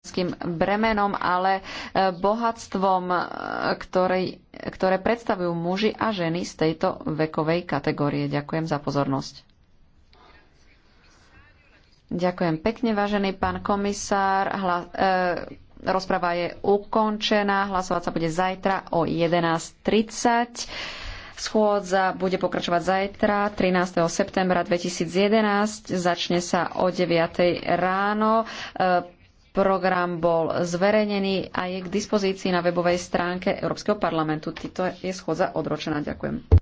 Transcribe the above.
obrovským bremenom, ale e, bohatstvom, e, ktoré, ktoré predstavujú muži a ženy z tejto vekovej kategórie. Ďakujem za pozornosť. Ďakujem pekne, vážený pán komisár. Hla, e, rozprava je ukončená. Hlasovať sa bude zajtra o 11.30. Schôdza bude pokračovať zajtra, 13. septembra 2011. Začne sa o 9. ráno. E, Program bol zverejnený a je k dispozícii na webovej stránke Európskeho parlamentu. Tito je schôdza odročená. Ďakujem.